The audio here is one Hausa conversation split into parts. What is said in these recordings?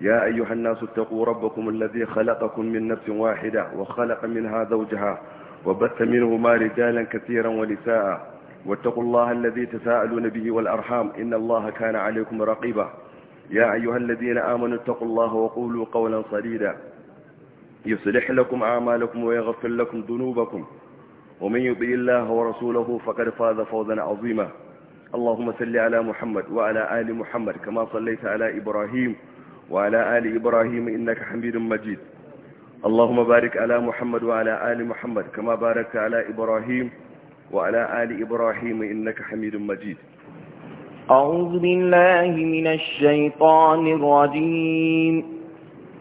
يا أيها الناس اتقوا ربكم الذي خلقكم من نفس واحدة وخلق منها زوجها وبث منهما رجالا كثيرا ونساء واتقوا الله الذي تساءلون به والأرحام إن الله كان عليكم رقيبا يا أيها الذين آمنوا اتقوا الله وقولوا قولا صديدا يصلح لكم أعمالكم ويغفر لكم ذنوبكم ومن يبئ الله ورسوله فقد فاز فوزا عظيما اللهم صل على محمد وعلى آل محمد كما صليت على إبراهيم وعلى آل إبراهيم إنك حميد مجيد اللهم بارك على محمد وعلى آل محمد كما باركت على إبراهيم وعلى آل إبراهيم إنك حميد مجيد أعوذ بالله من الشيطان الرجيم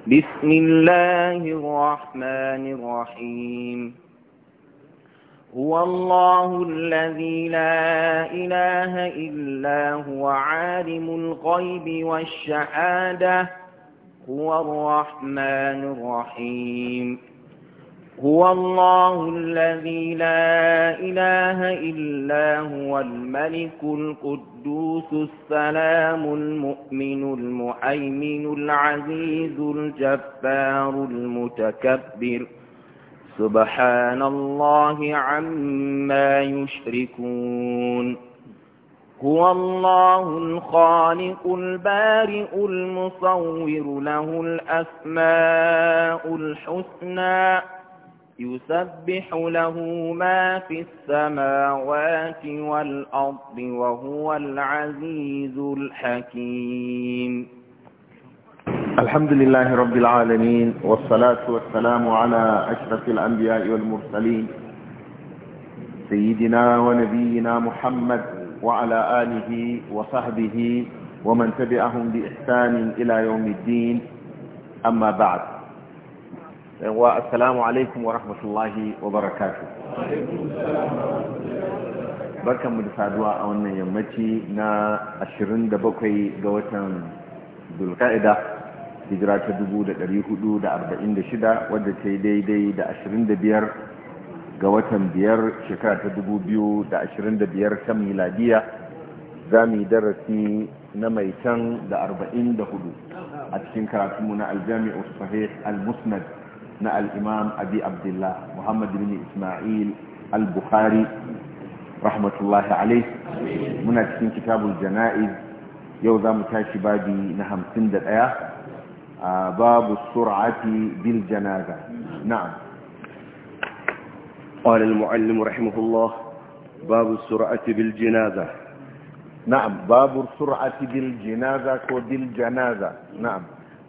بسم الله الرحمن الرحيم هو الله الذي لا إله إلا هو عالم الغيب والشهادة هو الرحمن الرحيم هو الله الذي لا إله إلا هو الملك القدوس السلام المؤمن المؤمن العزيز الجبار المتكبر سبحان الله عما يشركون هو الله الخالق البارئ المصور له الأسماء الحسنى يسبح له ما في السماوات والأرض وهو العزيز الحكيم الحمد لله رب العالمين والصلاة والسلام على أشرف الأنبياء والمرسلين سيدنا ونبينا محمد وعلى آله وصحبه ومن تبعهم بإحسان إلى يوم الدين أما بعد والسلام عليكم ورحمة الله وبركاته بركم من سادواء أولنا يومتي نا أشرين دبوكي قوة ذو القائدة hijira ta 446 wadda ta yi daidai da 25 ga watan biyar shekara ta 2025 ta miladiya za mu yi darasi na mai can da 44 a cikin karatunmu na aljami'u sahih al-musnad na al'imam abi abdullah muhammad bin ismail al-bukhari rahmatullahi alaih muna cikin kitabul jana'iz yau za mu tashi babi na 51 باب السرعة بالجنازة نعم قال المعلم رحمه الله باب السرعة بالجنازة نعم باب السرعة بالجنازة وبالجنازة نعم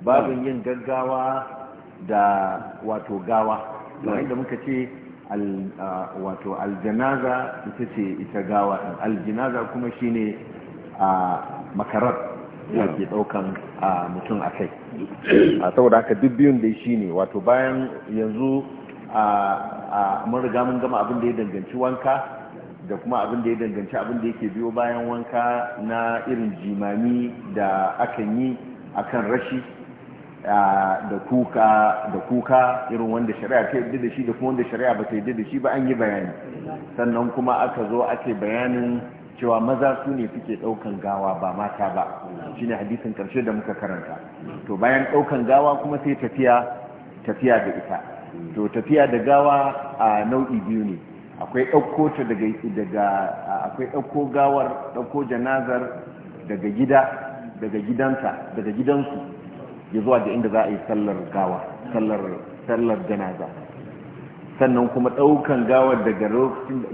باب ينجاوا دا واتو غاوا وعند مكتي wato aljanaza ita ce ita gawa ɗin aljinaza kuma shine a makarar ke daukan mutum a kai saboda haka duk biyun da shi ne wato bayan yanzu mun riga mun gama abin da ya danganci wanka da kuma abin da ya danganci abin da yake biyo bayan wanka na irin jimami da akan yi akan rashi da kuka da irin wanda shari'a ta yadda da shi da kuma wanda shari'a ba ta yadda da shi ba an yi bayani sannan kuma aka zo ake bayanin cewa maza su ne suke ɗaukan gawa ba mata ba shine hadisin ƙarshe da muka karanta to bayan ɗaukan gawa kuma sai tafiya tafiya da ita to tafiya da gawa a nau'i biyu ne akwai ɗauko ta daga daga akwai ɗauko gawar ɗauko janazar daga gida daga gidansa daga gidansu ya zuwa da inda za a yi sallar gawa sallar sallar janaza sannan kuma ɗaukan gawar daga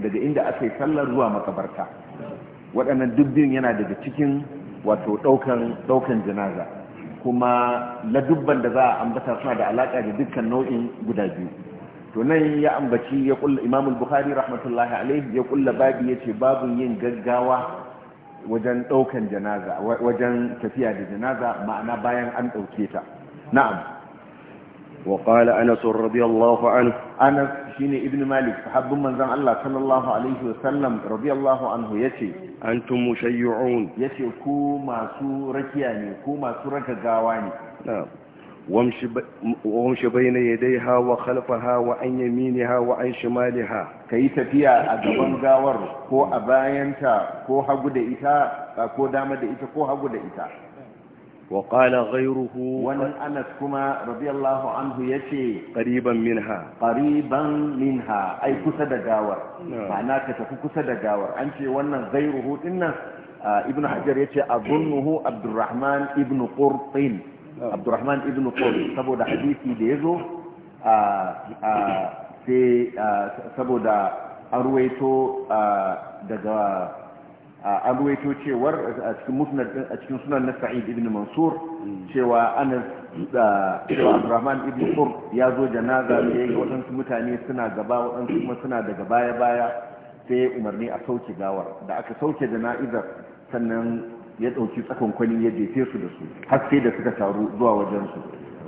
daga inda aka yi sallar zuwa makabarta waɗannan dubbin yana daga cikin wato ɗaukan janaza kuma ladubban da za a ambata suna da alaƙa da dukkan nau'in guda biyu to nan ya ambaci ya kulla imamul bukhari rahmatullahi alaihi ya kulla babu ya ce yin gaggawa wajen ɗaukan janaza wajen tafiya da janaza ma'ana bayan an ɗauke ta na'am وقال أنس رضي الله عنه أنس شيني ابن مالك فحب من زن الله صلى الله عليه وسلم رضي الله عنه يتي أنتم مشيعون يتي كوما سوركياني كوما سورك قاواني نعم وامشي بين يديها وخلفها وعن يمينها وعن شمالها كي تفيا أدبان قاور كو أباينتا كو حقود إتا كو دامد إتا كو حقود إتا وقال غيره ومن أنس كما رضي الله عنه يشي قريبا منها قريبا منها أي كسد جاور معناه كتفو كسد جاور أنت وانا غيره إن ابن حجر يشي أظنه عبد الرحمن ابن قرط عبد الرحمن ابن قرط سبو ده حديثي ديزو في سبو ده أرويتو دقا an ruwaito cewar a cikin musnad a sunan na sa'id ibn mansur mm. cewa anas da abdurrahman ibn sur ya zo janaza da yi waɗansu mutane suna gaba waɗansu kuma suna daga baya baya sai ya umarni a sauke gawar da aka sauke jana'izar sannan ya ɗauki tsakon kwani ya jefe su da su har sai da suka taru zuwa wajen su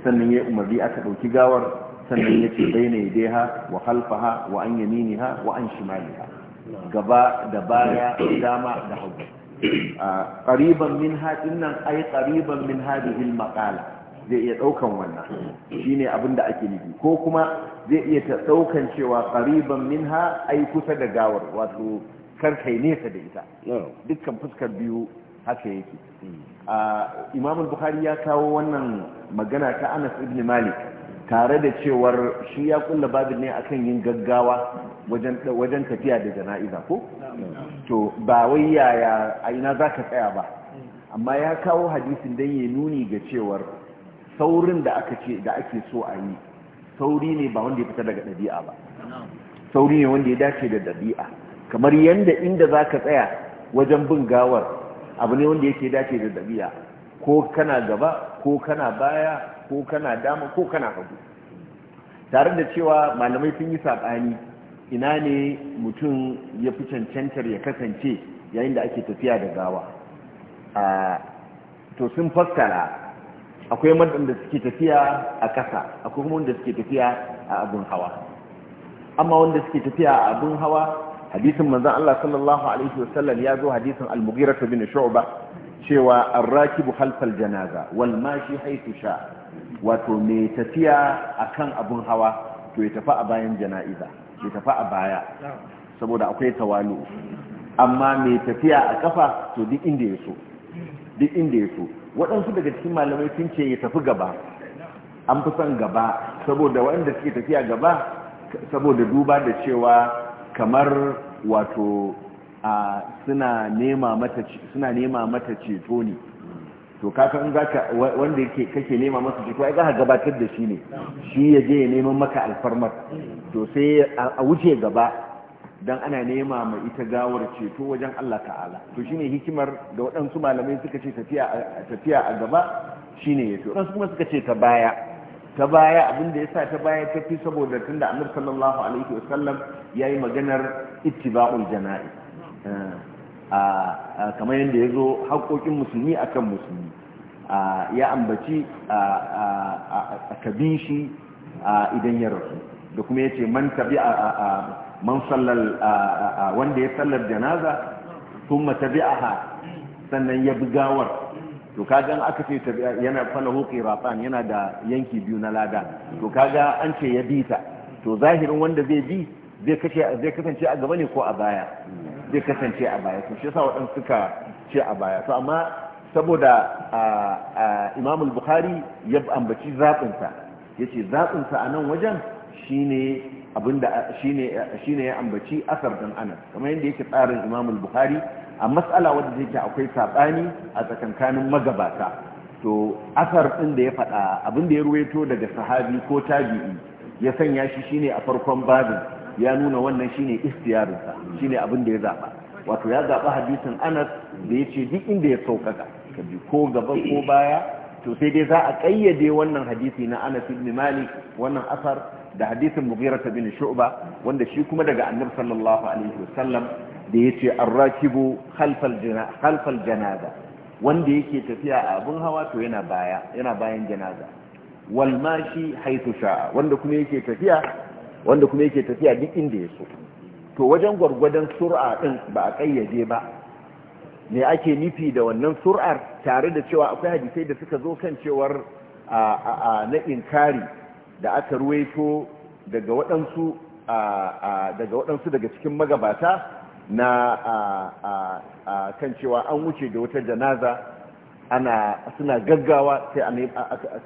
sannan ya umarni aka ɗauki gawar sannan ya ce bai na dai ha wa ha wa an yaminiha wa an ha. gaba da baya dama da hagu ƙariban min haɗin nan ai ƙariban min haɗin maƙala zai iya ɗaukan wannan shine abin da ake nufi ko kuma zai iya ta ɗaukan cewa ƙariban min ha ai kusa da gawar wato karkai nesa da ita dukkan fuskar biyu haka yake hmm. imam bukhari ya kawo wannan magana ta anas ibn malik tare da cewar shi ya kulla babin ne akan yin gaggawa wajen tafiya da jana'iza ko to ba wai yaya aina za ka tsaya ba amma ya kawo hadisin don ya nuni ga cewar saurin da aka ce da ake so a yi sauri ne ba wanda ya fita daga ɗabi'a ba sauri ne wanda ya dace da ɗabi'a kamar yadda inda za ka tsaya wajen bin gawar abu ne wanda yake dace da ɗabi'a ko kana gaba ko kana baya ko kana dama ko kana hagu tare da cewa malamai sun yi saɓani ina ne mutum ya fi cancantar ya kasance yayin da ake tafiya da gawa to sun fassara akwai waɗanda suke tafiya a ƙasa akwai kuma wanda suke tafiya a abin hawa amma wanda suke tafiya a abin hawa hadisin manzon Allah sallallahu alaihi wasallam ya zo hadisin al-mughira bin shu'ba cewa ar-rakibu khalfal janaza wal mashi haythu sha wato mai tafiya akan abin hawa to ya tafi a bayan jana'iza ya tafi a baya saboda akwai tawalu amma mai tafiya a kafa to duk inda ya so duk inda ya so waɗansu daga cikin malamai sun ce ya tafi gaba an fi son gaba saboda waɗanda suke tafiya gaba saboda duba da cewa kamar wato suna nema mata ceto ne to kaka in zaka wanda yake kake nema masa shi kai zaka gabatar da shi ne shi ya je ya neman maka alfarmar to sai a wuce gaba dan ana nema mai ita gawar ceto wajen Allah ta'ala to shine hikimar da waɗansu malamai suka ce tafiya tafiya a gaba shine yato wasu kuma suka ce ta baya ta baya abinda yasa ta baya ta fi saboda tunda Annabi sallallahu alaihi wasallam yayi maganar ittiba'ul jana'i eh. kamar yadda ya zo haƙoƙin musulmi akan musulmi ya ambaci a kabin shi idan ya rasu da kuma ya ce man tabi a man sallar wanda ya sallar janaza sun matabi a ha sannan ya bi gawar to kaga an aka ce yana falahu qiratan yana da yanki biyu na lada to kaga an ce ya bi ta to zahirin wanda zai bi zai kasance a gaba ne ko a baya zai kasance a baya to shi yasa waɗansu suka ce a baya to amma saboda imam bukhari ya ambaci zaɓinsa yace ce zaɓinsa a nan wajen shine abinda shine ya ambaci asar dan anan kamar yadda yake tsarin imam bukhari a matsala wadda yake akwai saɓani a tsakankanin magabata to asar ɗin da ya faɗa abinda ya ruwaito daga sahabi ko tabi'i ya sanya shi shine a farkon babin ya nuna wannan shine istiyarinsa shine abin da ya zaba wato ya zaba hadisin Anas da ya ce duk inda ya saukaka kaji ko gaba ko baya to sai dai za a kayyade wannan hadisi na Anas ibn Malik wannan asar da hadisin Mughira bin Shu'ba wanda shi kuma daga Annabi sallallahu alaihi wasallam da yace ar-rakibu khalfal khalfal janaza wanda yake tafiya a abun hawa to yana baya yana bayan janaza wal mashi haythu sha'a wanda kuma yake tafiya wanda kuma yake tafiya duk inda ya so to wajen gwargwadon sur'a din ba a kayyade ba me ake nufi da wannan sur'ar tare da cewa akwai hadisai da suka zo kan cewar a na inkari da aka ruwaito daga waɗansu daga waɗansu daga cikin magabata na kan cewa an wuce da wata janaza ana suna gaggawa sai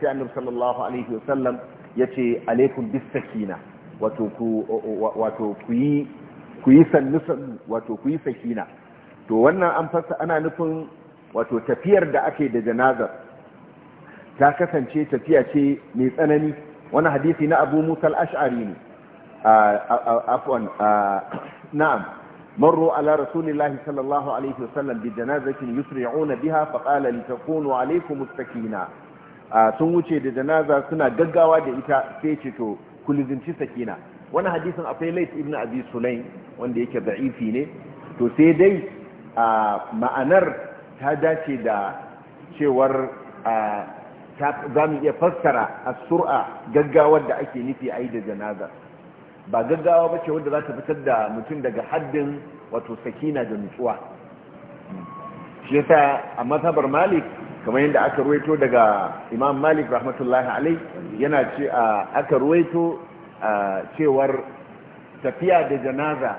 annabi sallallahu alaihi wasallam yace alaikum bis sakina wato ku yi sannu wato ku yi sakina to wannan an fasa ana nufin wato tafiyar da ake da janazar ta kasance tafiya ce mai tsanani wani hadisi na abu musa ashari ne na'am marru ala rasulillahi sallallahu alaihi wasallam bi janazatin yusri'una biha faqala litakunu alaykum mustakina sun wuce da janaza suna gaggawa da ita sai ce to ku sakina wani hadisin akwai lait ibn abi sulaim wanda yake za'ifi ne to sai dai a ma'anar ta dace da cewar za mu iya fassara a sura gaggawar da ake nufi a da janaza ba gaggawa ba ce wadda za ta fitar da mutum daga haddin wato sakina da nutsuwa shi yasa a mazhabar malik kamar yadda aka ruwaito daga imam malik rahmatullahi alai yana ce aka ruwaito cewar tafiya da janaza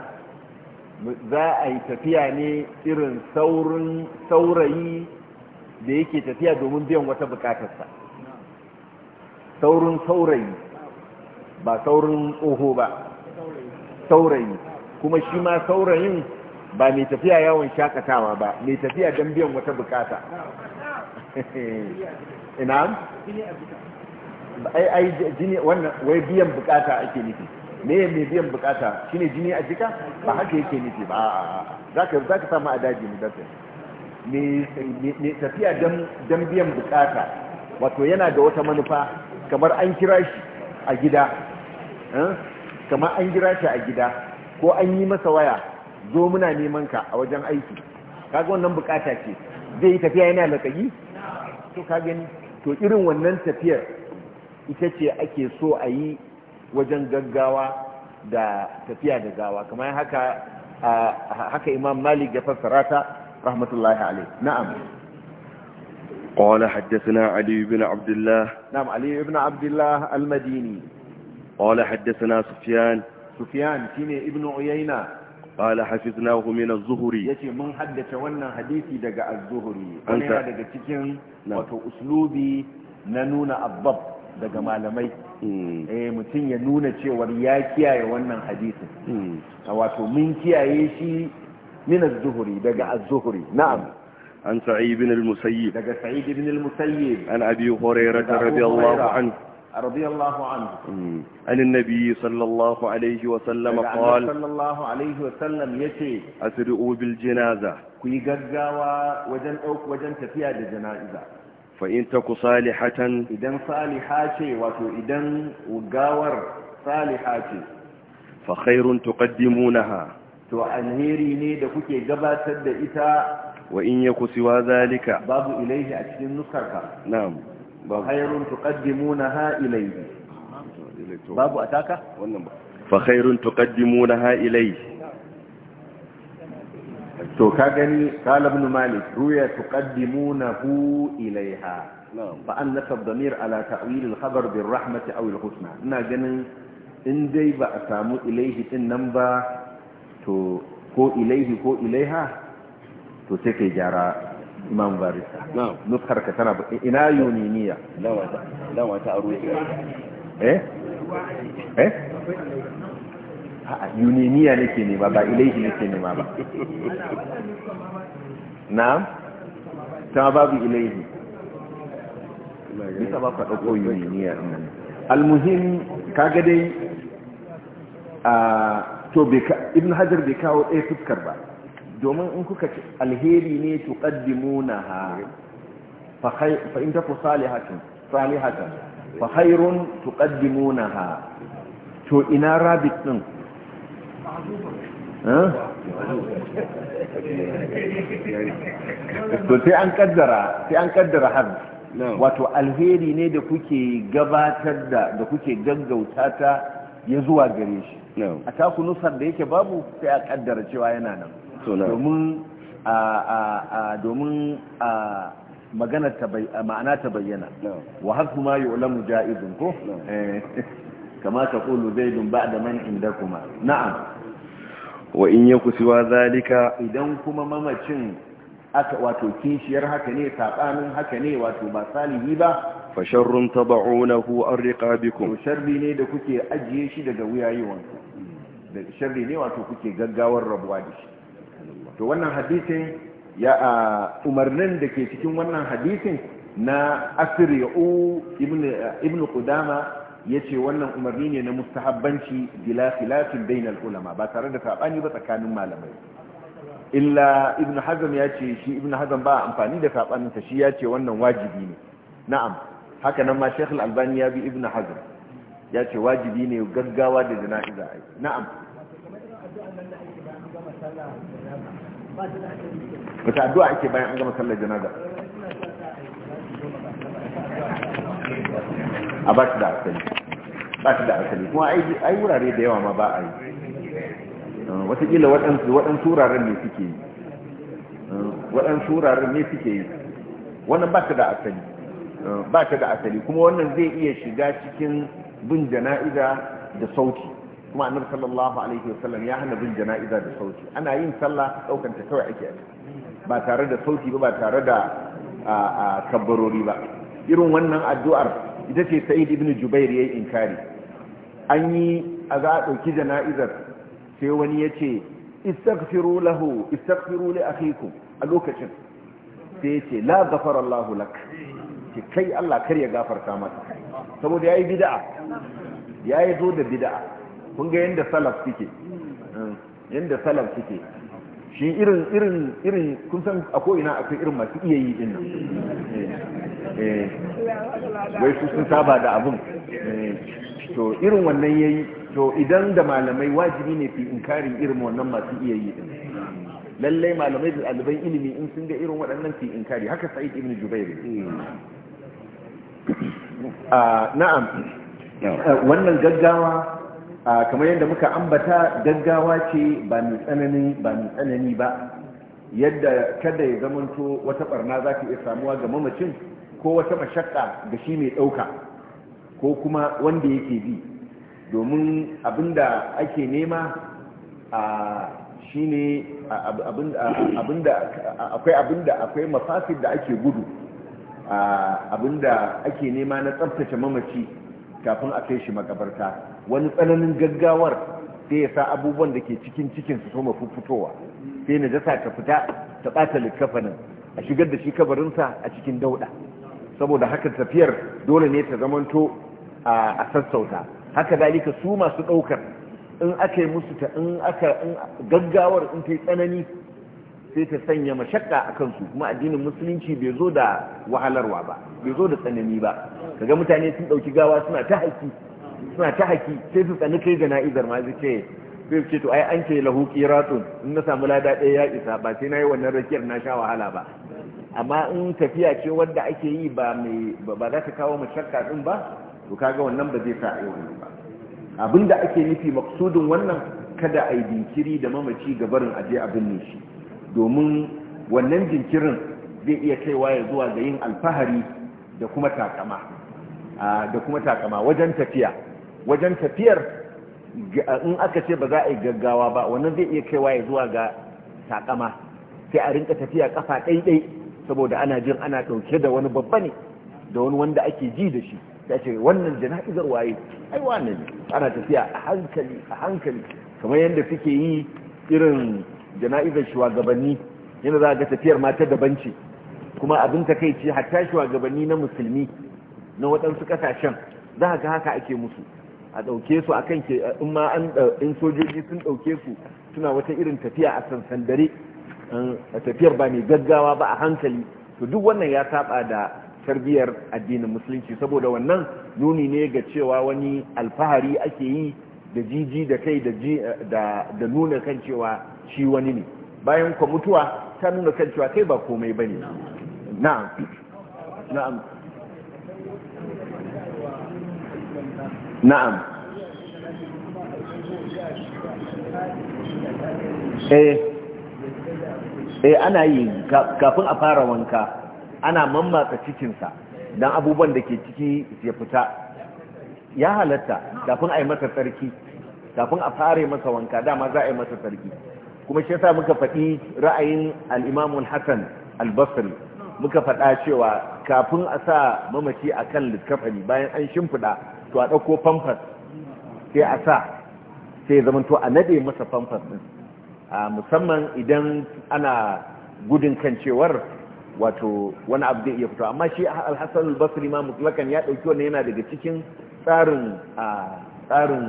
za a yi tafiya ne irin saurin saurayi da yake tafiya domin biyan wata bukatarsa saurin saurayi ba saurin tsoho ba saurayi kuma shi ma saurayin ba mai tafiya yawon shakatawa ba mai tafiya don biyan wata bukata ina ai ai jini wannan wai biyan bukata ake nufi me me biyan bukata shine jini a jika ba haka yake nufi ba a'a zaka zaka samu a daji ne dace me tafiya dan biyan bukata wato yana da wata manufa kamar an kira shi a gida kamar an kira shi a gida ko an yi masa waya zo muna neman ka a wajen aiki kaga wannan bukata ce zai yi tafiya yana lakayi to ka gani to irin wannan tafiyar ita ce ake so a yi wajen gaggawa da tafiya da gawa kamar haka haka imam malik ya fassara ta rahmatullahi alaihi na'am قال حدثنا علي بن عبد الله نعم علي بن عبد الله المديني قال حدثنا سفيان سفيان كني ابن عيينة قال حفظناه من الزهري يتي من حدث وانا حديثي دقاء الزهري وانا دقاء تكين وتو أسلوبي ننون الضبط دقاء مالمي eh mutum ya nuna cewar ya kiyaye wannan hadisin wato min kiyaye shi min az-zuhri daga az-zuhri na'am an sa'id ibn al-musayyib daga sa'id ibn al-musayyib رضي الله عنه مم. عن النبي صلى الله عليه وسلم قال صلى الله عليه وسلم يتي أسرعوا بالجنازة كي قدقوا وجن أوك وجن تفيا لجنائزة فإن تكو صالحة إذن صالحات وتو إذن وقاور صالحات فخير تقدمونها تو أنهيري نيدا كي قبا تد إتا وإن يكو سوى ذلك باب إليه أكسين نسخك نعم khairun ha ilayhi babu ataka wannan ba fa khairun ha ilayhi to ka gani qala ibn malik ruya tuqaddimunahu ilayha fa an nasab damir ala ta'wil al-khabar bir rahmati aw al-husna ina ganin in dai ba a samu ilayhi din nan ba to ko ilayhi ko ilaiha to sai kai jara. imam barista nuskar ka tana ina yuniniya lawa ta aro eh eh a yuniniya nake nema ba ilaihi nake nema ba na ta babu ilaihi bisa ba ka ɗauko yuniniya nan almuhim kaga dai a to ibn hajar bai kawo ɗaya fuskar ba domin in kuka ci alheri ne tuqaddimunaha fa khay fa in taku salihatan salihatan fa khairun ha. to ina rabit din to sai an kaddara sai an kaddara har wato alheri ne da kuke gabatar da da kuke gaggauta ta ya zuwa gare shi a taku nusar da yake babu sai a kaddara cewa yana nan domin magana ma'ana ta bayyana wa haku ma yu'lamu ja'izun ko eh. kama taqulu zaidun ba'da man indakuma na'am wa in yaku siwa zalika idan kuma mamacin aka wato kishiyar haka ne sabanin haka ne wato ba salihi ba fa sharrun tad'unahu arriqabikum to sharri ne da kuke ajiye shi daga wuyayewanku da sharri ne wato kuke gaggawar rabuwa da shi to wannan hadisin ya umarnin da ke cikin wannan hadisin na u ibn qudama yace wannan umarni ne na mustahabbanci bila khilafin bainal ulama ba tare da sabani ba tsakanin malamai illa ibn hazm ce shi ibn hazm ba amfani da saɓaninsa shi ya ce wannan wajibi ne na'am haka nan ma sheikh albani ya bi ibn hazm yace wajibi ne gaggawa da jana'iza ai na'am wata addu'a ake bayan an gama sallar janaza a ba shi da asali ba shi da asali kuma ai wurare da yawa ma ba a yi kila uh, waɗansu wuraren ne suke yi uh, waɗansu wuraren ne suke yi wannan ba shi da asali uh, ba shi da asali kuma wannan zai iya shiga cikin bin jana'iza da sauti kuma annabi sallallahu alaihi sallam ya hana bin jana'iza da sauti ana yin sallah daukan ta kawai ake ba tare da sauti ba ba tare da kabbarori ba irin wannan addu'ar ita ce sa'id ibn jubair yayi inkari an yi a za a dauki jana'izar sai wani yace istaghfiru lahu istaghfiru li akhikum a lokacin sai yace la ghafara Allah lak ce kai Allah kar ya gafarta maka saboda yayi bid'a yayi zo da bid'a kun ga yadda salaf suke yadda salaf suke shi irin irin irin kun san a ko'ina akwai irin masu iya yi din nan eh, eh. wai su sun saba da abun eh, to irin wannan yayi to idan da malamai wajibi ne fi inkarin irin wannan masu iya yi din lallai malamai da ɗaliban ilimi in sun ga irin waɗannan fi inkari haka sa'id ibn jubair ah, na'am wannan gaggawa kamar yadda muka ambata gaggawa ce ba mai tsanani ba mai tsanani ba yadda kada ya zamanto wata barna za ta iya samuwa ga mamacin ko wata mashakka ga shi mai ɗauka ko kuma wanda yake bi domin abinda ake nema a shi ne akwai abinda akwai mafafin da ake gudu abinda ake nema na tsabtace mamaci kafin a kai shi makabarta wani tsananin gaggawar sai ya sa abubuwan da ke cikin cikin su soma fuffutowa sai na jasa ta fita ta ɓata likafanin a shigar da shi kabarinsa a cikin dauɗa saboda haka tafiyar dole ne ta zamanto a sassauta haka dalika su masu ɗaukar in aka yi musu ta in aka gaggawar in ta yi tsanani sai ta sanya mashakka a kansu kuma addinin musulunci bai zo da wahalarwa ba bai zo da tsanani ba kaga mutane sun ɗauki gawa suna ta haiki suna ta haki sai su tsani kai jana'izar ma zai ce zai ce to ai an ce lahu qiratun in na samu lada ɗaya ya isa ba sai nayi wannan rakiyar na sha wahala ba amma in tafiya ce wanda ake yi ba ba za ta kawo mashakka din ba to kaga wannan ba zai sa a yi wannan ba abinda ake nufi maksudin wannan kada a yi jinkiri da mamaci ga gabarin aje a ne shi domin wannan jinkirin zai iya kaiwa ya zuwa ga yin alfahari da kuma takama wajen tafiya wajen tafiyar in aka ce ba za a yi gaggawa ba wannan zai iya kaiwa ya zuwa ga takama sai a rinka tafiya kafa ɗaiɗai saboda ana jin ana ɗauke da wani babba ne da wani wanda ake ji da shi ta ce wannan jana'izar waye ai wannan ne ana tafiya a hankali a hankali kamar yadda suke yi irin jana'izar shugabanni yana za ga tafiyar mata daban ce kuma abin ta kai ce hatta shugabanni na musulmi na waɗansu ƙasashen za ga haka ake musu a ɗauke su a kan in ma an in sojoji sun ɗauke su suna wata irin tafiya a sansandare a tafiyar ba mai gaggawa ba a hankali to duk wannan ya saba da tarbiyyar addinin musulunci saboda wannan nuni ne ga cewa wani alfahari ake yi da jiji da kai da nuna kan cewa shi wani ne bayan kwa mutuwa ta nuna kan cewa kai ba komai ba ne na'am na'am na'am eh eh ana yi kafin a fara wanka ana mammatsa cikinsa don abubuwan da ke ciki ya fita ya halatta kafin a yi masa tsarki kafin a fara masa wanka dama za a yi masa tsarki kuma shi yasa muka faɗi ra'ayin al'imamun hassan albasri muka faɗa cewa kafin a sa mamaci a kan littafani bayan an shimfiɗa to a ɗauko famfas sai a sa sai ya zamanto a nade masa famfas ɗin musamman idan ana gudun kan cewar wato wani abu zai iya fito amma shi alhassan albasri ma mutlakan ya ɗauki wannan yana daga cikin tsarin tsarin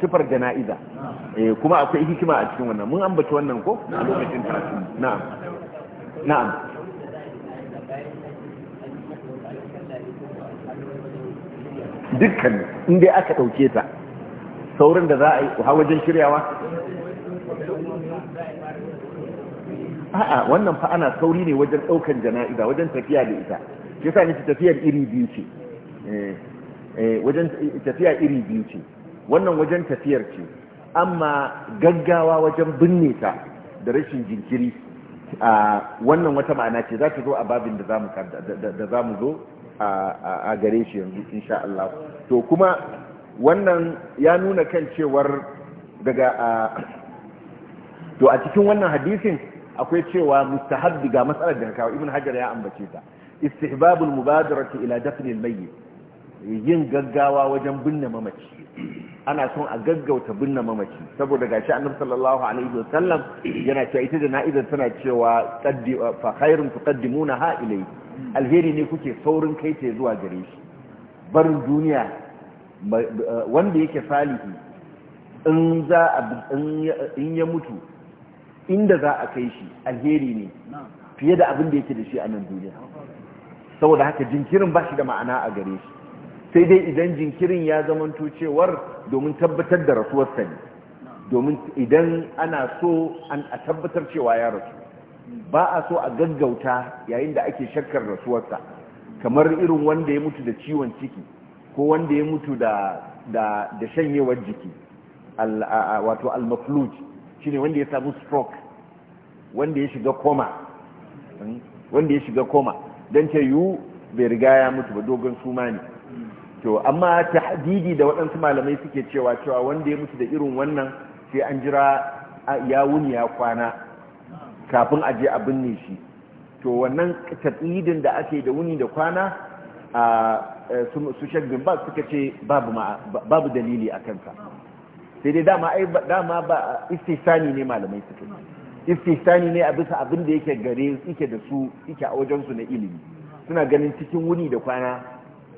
tufar jana'iza eh, kuma akwai hikima a cikin wannan mun ambaci wannan ko a lokacin na'am na'am dukkan inda aka ɗauke ta saurin da za a yi ha wajen shiryawa a'a wannan fa ana sauri ne wajen ɗaukan jana'iza wajen tafiya da ita shi yasa nake tafiyar iri biyu ce eh, eh, wajen tafiya iri biyu ce wannan wajen tafiyar ce amma gaggawa wajen binne ta da rashin jinkiri a wannan wata ma'ana ce za ta zo a babin da za mu zo a gare shi yanzu insha Allah to kuma wannan ya nuna kan cewar daga to a cikin wannan hadisin akwai cewa mustahabbi ga matsalar da kawo ibn hajar ya ambace ta istihbabul mubadarati ila dafnil mayyit yin gaggawa wajen binne mamaci ana son a gaggauta binne mamaci saboda gashi annabi sallallahu alaihi wasallam yana cewa ita da na'izar tana cewa qaddi fa khairun tuqaddimunaha ilayhi alheri ne kuke saurin kai ta zuwa gare shi barin duniya wanda yake salihi in za a in ya mutu inda za a kai shi alheri ne fiye da abin da yake da shi a nan duniya saboda haka jinkirin ba shi da ma'ana a gare shi sai dai idan jinkirin ya zamanto cewar domin tabbatar da rasuwar ne domin idan ana so a tabbatar cewa ya rasu ba a so a gaggauta yayin da ake shakkar rasuwarsa kamar irin wanda ya mutu da ciwon ciki ko wanda ya mutu da da shanyewar jiki wato al-mafluj shine wanda ya samu stroke wanda ya shiga koma hmm, wanda ya shiga koma dan ce yu bai riga ya mutu ba dogon suma ne to amma tahdidi da waɗansu malamai suke cewa cewa wanda ya mutu da irin wannan sai an jira ya wuni ya kwana kafin a je a binne shi to wannan tafidin da ake da wuni da kwana su shagbin ba suka ce babu dalili a kansa sai dai dama ba istisani ne malamai suka istisani ne a bisa abin da yake gare yake da su yake a wajensu na ilimi suna ganin cikin wuni da kwana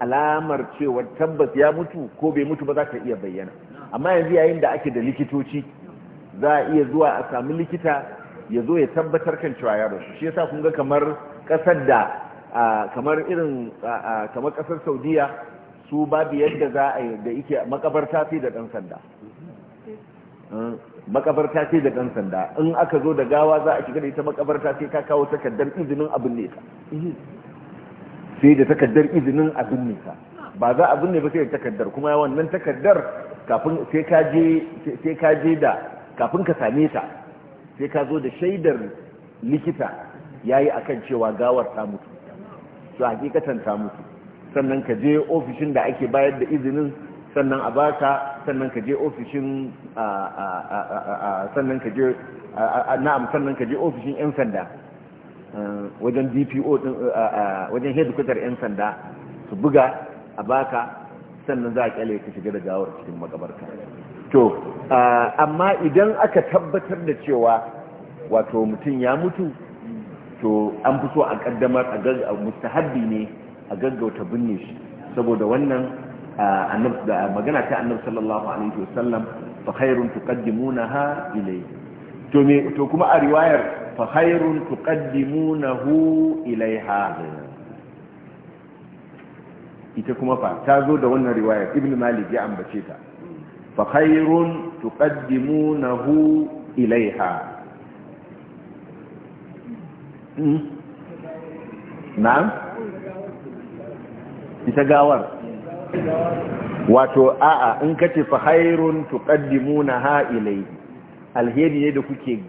alamar cewa tabbas ya mutu ko bai mutu ba za ka iya bayyana amma yanzu yayin da ake da likitoci za a iya zuwa a sami likita ya zo ya tabbatar kan cewa ya rasu shi yasa kun ga kamar kasar da kamar irin kamar kasar saudiya su babu yadda za a da yake makabarta sai da dan sanda hmm? makabarta sai da dan sanda in aka zo da gawa za a shiga da ita makabarta sai ka kawo takardar izinin abin ne ka sai da takardar izinin abin ne ka ba za abin ne ba sai da takardar kuma wannan takardar kafin sai ka je da kafin ka same ta sai ka zo da shaidar likita ya yi akan cewa gawar ta mutu su hakikatan ta mutu sannan ka je ofishin da ake bayar da izinin sannan a baka sannan ka je ofishin sannan ka je na'am sannan ka je ofishin 'yan sanda eh, wajen dpo wajen headquarter 'yan sanda su buga a baka sannan za a kyale ka shiga da gawar cikin makabarta to amma idan aka tabbatar da cewa wato mutum ya mutu to an fi so a kaddamar a mustahabbi ne a gaggauta binne shi saboda wannan magana ta annabi sallallahu alaihi wasallam fa khairun tuqaddimunaha ilayhi to me to kuma a riwayar fa khairun tuqaddimunahu ilayha ita kuma fa ta zo da wannan riwayar ibn malik ya ambace ta fa khairun tuqaddimunahu ilaiha hmm? na'am ita gawar wato a'a in ka fa khairun tuqaddimunaha ilaihi alheri ne da kuke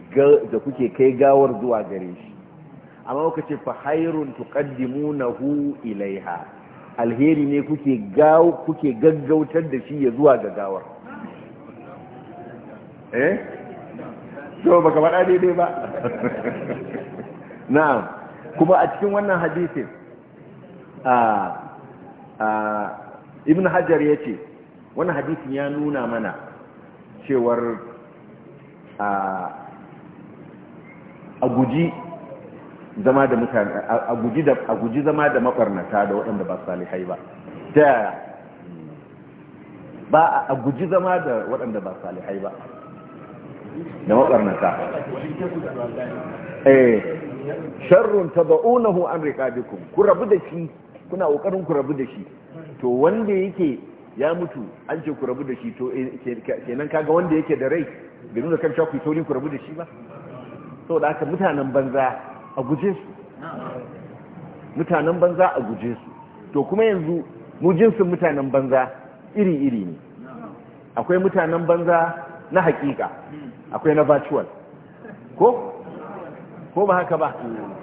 da kuke kai gawar zuwa gare shi amma kuka ce fa khairun tuqaddimunahu ilaiha alheri ne kuke gawo kuke gaggautar da shi ya zuwa ga gawar eh to baka faɗa daidai ba na'am kuma a cikin wannan hadisin ibn hajar ya ce wannan hadisin ya nuna mana cewar a guji zama da mutane a guji zama da mabarnata da waɗanda ba salihai ba ta ba a guji zama da waɗanda ba salihai ba da mabarnata eh sharrun tad'unahu an riqabikum ku rabu da shi kuna kokarin ku rabu da shi to wanda yake ya mutu an ce ku rabu da shi to eh, kenan kaga wanda yake da rai bai nuna kan ku saurin ku rabu da shi ba saboda haka mutanen banza a guje su mutanen banza a guje su to kuma yanzu mu jinsin mutanen banza iri-iri ne akwai mutanen banza na hakika akwai na virtual ko ko ba haka ba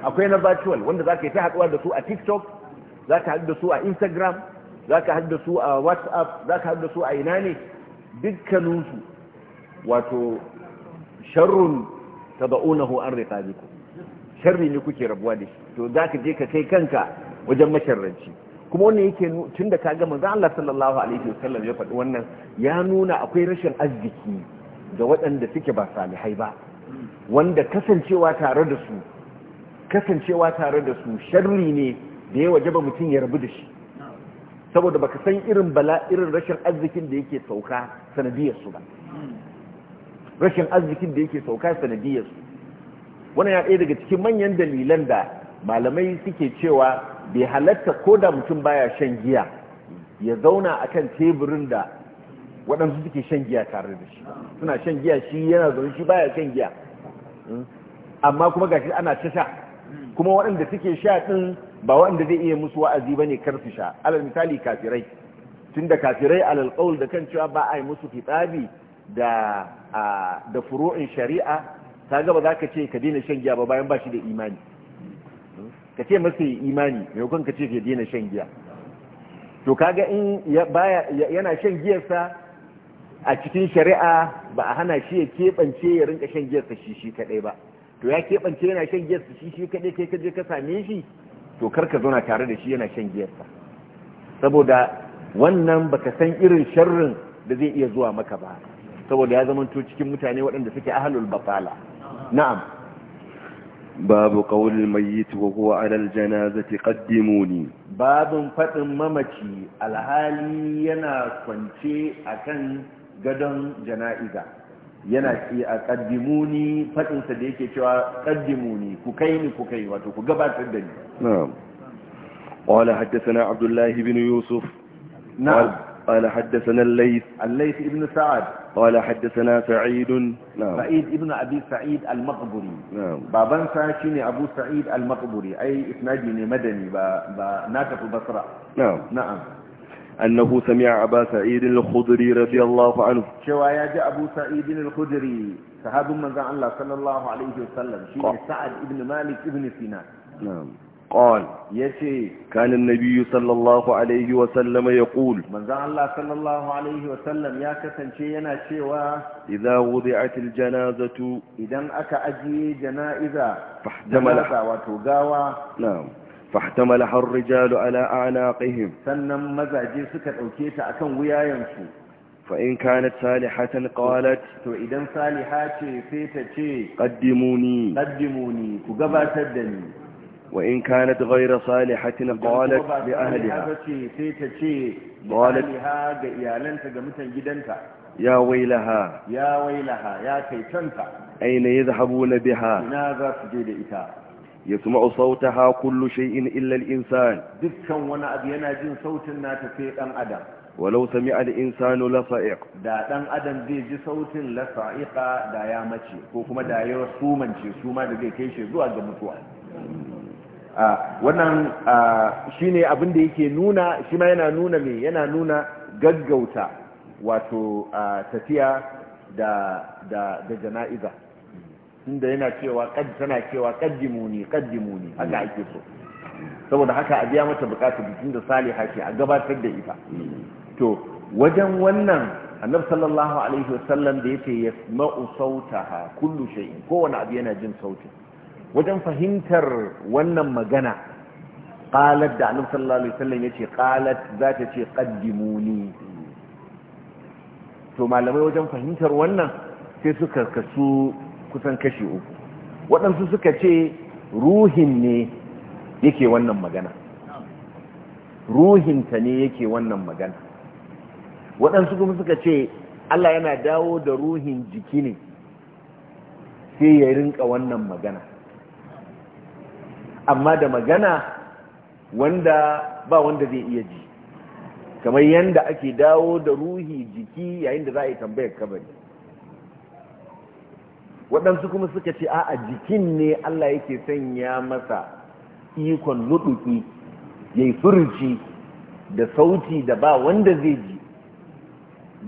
akwai na virtual wanda zaka yi ta haduwa da su a TikTok zaka haɗu da su a Instagram zaka haɗu da su a WhatsApp zaka haɗu da su a ina ne dukkanin su wato sharrun tad'unahu an riqabikum sharri ne kuke rabuwa da shi to zaka je ka kai kanka wajen masharranci kuma wannan yake tun da ka ga manzo Allah sallallahu alaihi wasallam ya faɗi wannan ya nuna akwai rashin arziki ga waɗanda suke ba salihai ba wanda kasancewa tare da su kasancewa tare da su sharri ne da ya wajaba mutum ya rabu da shi saboda baka san irin bala irin rashin arzikin da yake sauka sanadiyar su ba rashin arzikin da yake sauka sanadiyar su wannan ya ɗaya daga cikin manyan dalilan da malamai suke cewa bai halatta ko da mutum baya shan giya ya zauna akan teburin da waɗansu suke shan giya tare da shi suna shan giya shi yana zaune shi baya shan giya hmm? amma kuma gashi ana ta sha kuma waɗanda suke sha ɗin ba waɗanda zai iya musu wa'azi ba ne kar su sha alal misali kafirai tun da kafirai alal ƙaul da kan cewa ba a yi musu fitabi da furu'in shari'a ta gaba za ka ce ka daina shan giya ba bayan ba shi da imani ka ce masa ya imani maimakon ka ce ya daina shan giya to kaga in yana shan giyarsa a cikin shari'a ba a hana shi ya keɓance ya rinka shan giyarsa shi shi kaɗai ba to ya keɓance yana shan giyarsa shi shi kaɗai kai ka je ka same shi to kar ka zauna tare da shi yana shan giyarsa saboda wannan baka san irin sharrin da zai iya zuwa maka ba saboda ya zamanto cikin mutane waɗanda suke ahlul batala na'am Babu قول الميت وهو على الجنازة قدموني باب فتن ممتي الحالي ينا كنتي أكن قدم جنائزة yana ce a kaddimu ni fadinsa da yake cewa kaddimu ni ku kai ni ku kai wato ku gabatar da ni na'am qala haddathana abdullahi bin yusuf na'am قال حدثنا الليث الليث ابن سعد قال حدثنا سعيد نعم سعيد ابن أبي سعيد المقبري نعم بابان ساكني أبو سعيد المقبري أي إسنادي مدني بناتف البصرة نعم نعم أنه سمع أبا سعيد الخدري رضي الله عنه شوى يا أبو سعيد الخدري صحاب من الله صلى الله عليه وسلم شيء سعد ابن مالك ابن سنان نعم قال يتي كان النبي صلى الله عليه وسلم يقول من ذا الله صلى الله عليه وسلم يا كسن شينا شوى إذا وضعت الجنازة إذا أكا أجي جنائزة فاحتمل وتقاوى نعم فاحتملها الرجال على أعناقهم سنم مزعجي سكت أوكيت أكن ويا ينسو فإن كانت صالحة قالت فإذا صالحة شيء قدموني قدموني كقبا سدني وإن كانت غير صالحة قالت لأهلها قالت يا ويلها يا ويلها يا كيتنتا أين يذهبون بها ماذا تجد إتا يسمع صوتها كل شيء إلا الإنسان دكا وانا أبينا جن صوت ناتفيق أن أدم ولو سمع الإنسان لصائق دا دان أدم زي جي صوت لصائق دا يا مچي وكما دا يا سومنشي سوما دا زي كيشي زوا جمتوا wannan shi ne abinda yake nuna shi ma yana nuna mai yana nuna gaggauta wato tafiya da jana'iza inda yana cewa tana cewa kaddimu ne kaddimu ne haka ake so saboda haka a biya mata bukata bikin da saliha ce a gabatar da ita to wajen wannan annab sallallahu alaihi wasallam da yake yasma'u sautaha kullu shay'in kowane abu yana jin sautin wajen fahimtar wannan magana qalat da annabi sallallahu alaihi wasallam yace qalat za ta ce qaddimuni to malamai wajen fahimtar wannan sai suka kasu kusan kashi uku waɗansu suka ce ruhin ne yake wannan magana ruhinta ne yake wannan magana waɗansu kuma suka ce Allah yana dawo da ruhin jiki ne sai ya rinka wannan magana amma da magana wanda ba wanda zai iya ji kamar yadda ake dawo da ruhi jiki yayin da za a yi tambayar kabari waɗansu kuma suka ce a jikin ne Allah yake sanya masa ikon nuɗuki ya yi furuci da sauti da ba wanda zai ji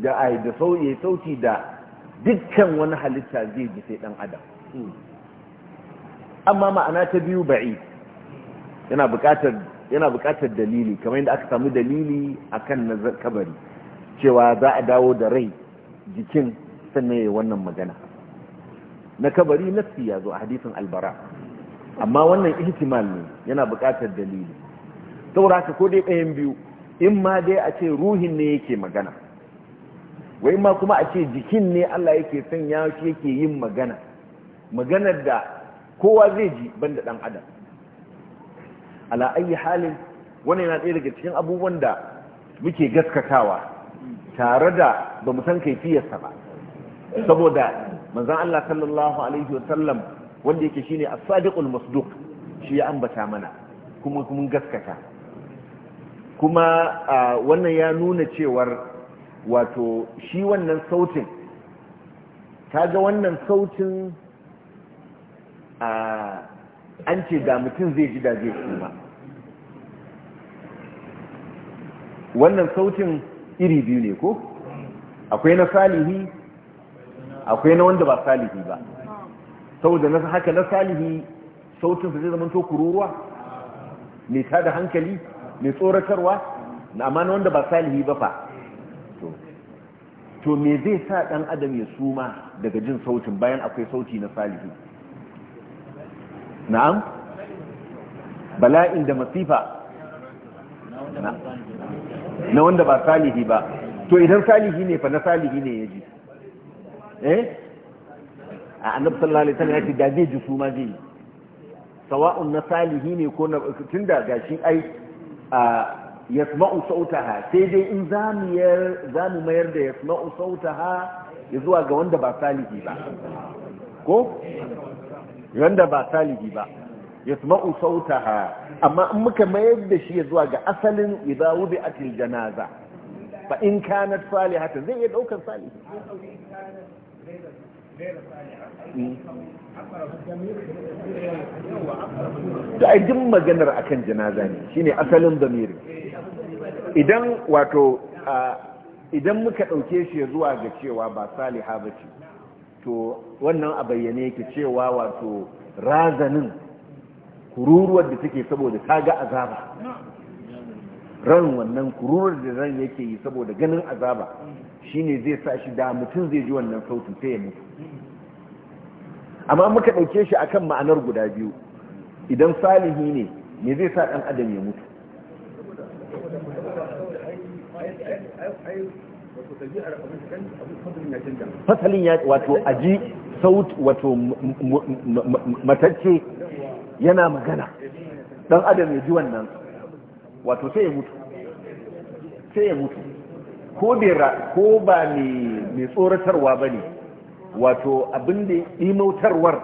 da ai da sauti da dukkan wani halitta zai ji sai ɗan adam hmm. amma ma'ana ta biyu ba'i yana buƙatar dalili kamar yadda aka samu dalili akan na kabari cewa za a dawo da rai jikin sannan ya wannan magana na kabari nafsi ya zo a hadisin albara amma wannan ihtimal ne yana buƙatar dalili saboda haka ko dai ɗayan biyu in ma dai a ce ruhin ne yake magana wai ma kuma a ce jikin ne Allah yake sanya shi yake yin magana maganar da kowa zai ji ban da ɗan adam ala ayi halin wani yana ɗaya daga cikin abubuwan da muke gaskatawa tare da ba mu san kaifiyarsa ba saboda manzan Allah sallallahu alaihi wasallam wanda yake shine as-sadiqul masduq shi ya ambata mana kuma kuma gaskata kuma wannan ya nuna cewar wato shi wannan sautin ga wannan sautin an ce da mutum zai ji da zai suma wannan sautin iri biyu ne ko akwai na salihi akwai na wanda ba salihi ba saboda na haka na salihi su zai zama to kururuwa mai tada hankali mai tsoratarwa na amana wanda ba salihi ba fa to me zai sa dan adam ya suma daga jin sautin bayan akwai sauti na salihi na'am bala'in da masifa na wanda ba salihi ba to idan salihi ne fa na salihi ne ya ji eh a annabi sallallahu alaihi wasallam ya ce da zai ji su ma zai sawa'un na salihi ne ko na tunda gashi ai a yasma'u sautaha sai dai in zamu zamu mayar da yasma'u sautaha zuwa ga wanda ba salihi ba ko wanda ba salihi ba yasma'u ha, amma an muka mayar da shi zuwa ga asalin idza wudi'atil janaza fa in kanat hata zai iya daukar salihi da ai duk maganar akan janaza ne shine asalin damiri idan wato idan muka dauke shi zuwa ga cewa ba ba ce. to wannan a bayyane yake cewa wato razanin kururuwar da take saboda ta ga azaba ran wannan kururuwar da ran yake yi saboda ganin azaba shine zai sa shi da mutum zai ji wannan sautin sai ya mutu amma muka ɗauke shi akan ma'anar guda biyu idan salihi ne me zai sa ɗan adam ya mutu fasalin ya wato aji saut wato matacce yana magana dan adam ya ji wannan wato sai ya mutu sai ya mutu ko ba mai tsoratarwa ba ne wato abin da imautarwar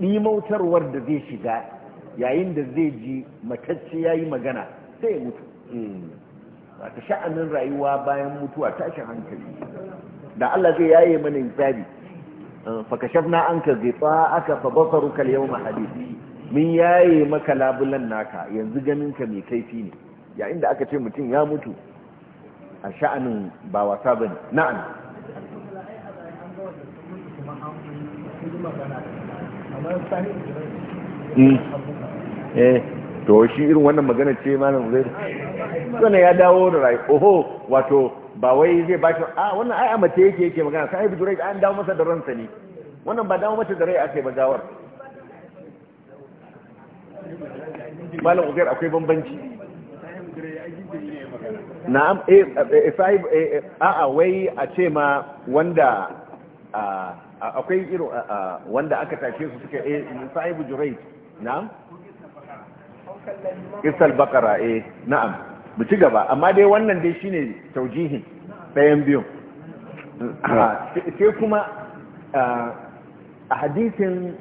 imautarwar da zai shiga yayin da zai ji matacce ya yi magana sai ya mutu hmm. ta sha'anin rayuwa bayan mutuwa tashin hankali da Allah zai yaye mana hisabi eh, fa kashafna anka aka fa basaruka al-yawma hadid min yaye maka labulan naka yanzu ganin ka mai kaifi ne yayin da aka ce mutum ya mutu a sha'anin ba wasa bane na'am hmm. eh to shi irin wannan magana ce malam zai suna ya dawo da rai oho wato ba wai zai ba shi a ah, wannan ai amace yake yake magana sai bi durai an dawo masa da ransa ne wannan ba dawo masa da rai akai ba gawar malam uzair akwai bambanci na'am eh sai a a wai a ce ma wanda akwai irin wanda aka tashe su suka eh sai bi durai na'am isal bakara eh na'am mu ci gaba amma dai wannan dai shine taujihin bayan biyun sai kuma a hadisin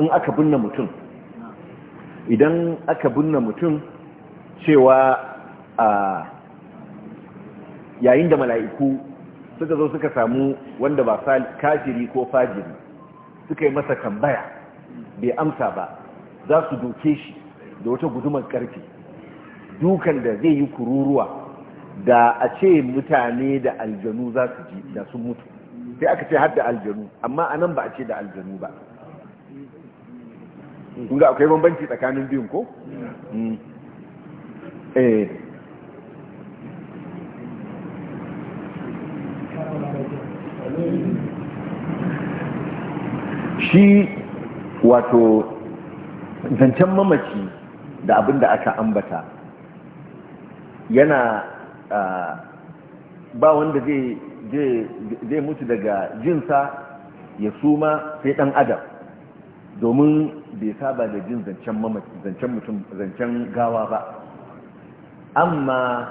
in aka binne mutum idan aka binne mutum cewa yayin da mala'iku suka zo suka samu wanda ba kafiri ko fajiri suka yi masa kambaya bai amsa ba za su doke shi da wata gudumar karfe dukan da zai yi kururuwa da a ce mutane da aljanu za su ji da sun mutu sai aka ce har da aljanu amma a nan ba a ce da aljanu ba kun ga akwai bambanci tsakanin biyun ko? Hmm. Eh. shi wato zancen mamaci da abin da aka ambata yana ba wanda zai mutu daga jinsa ya suma sai dan adam domin bai saba da jin zancen mutum zancen gawa ba amma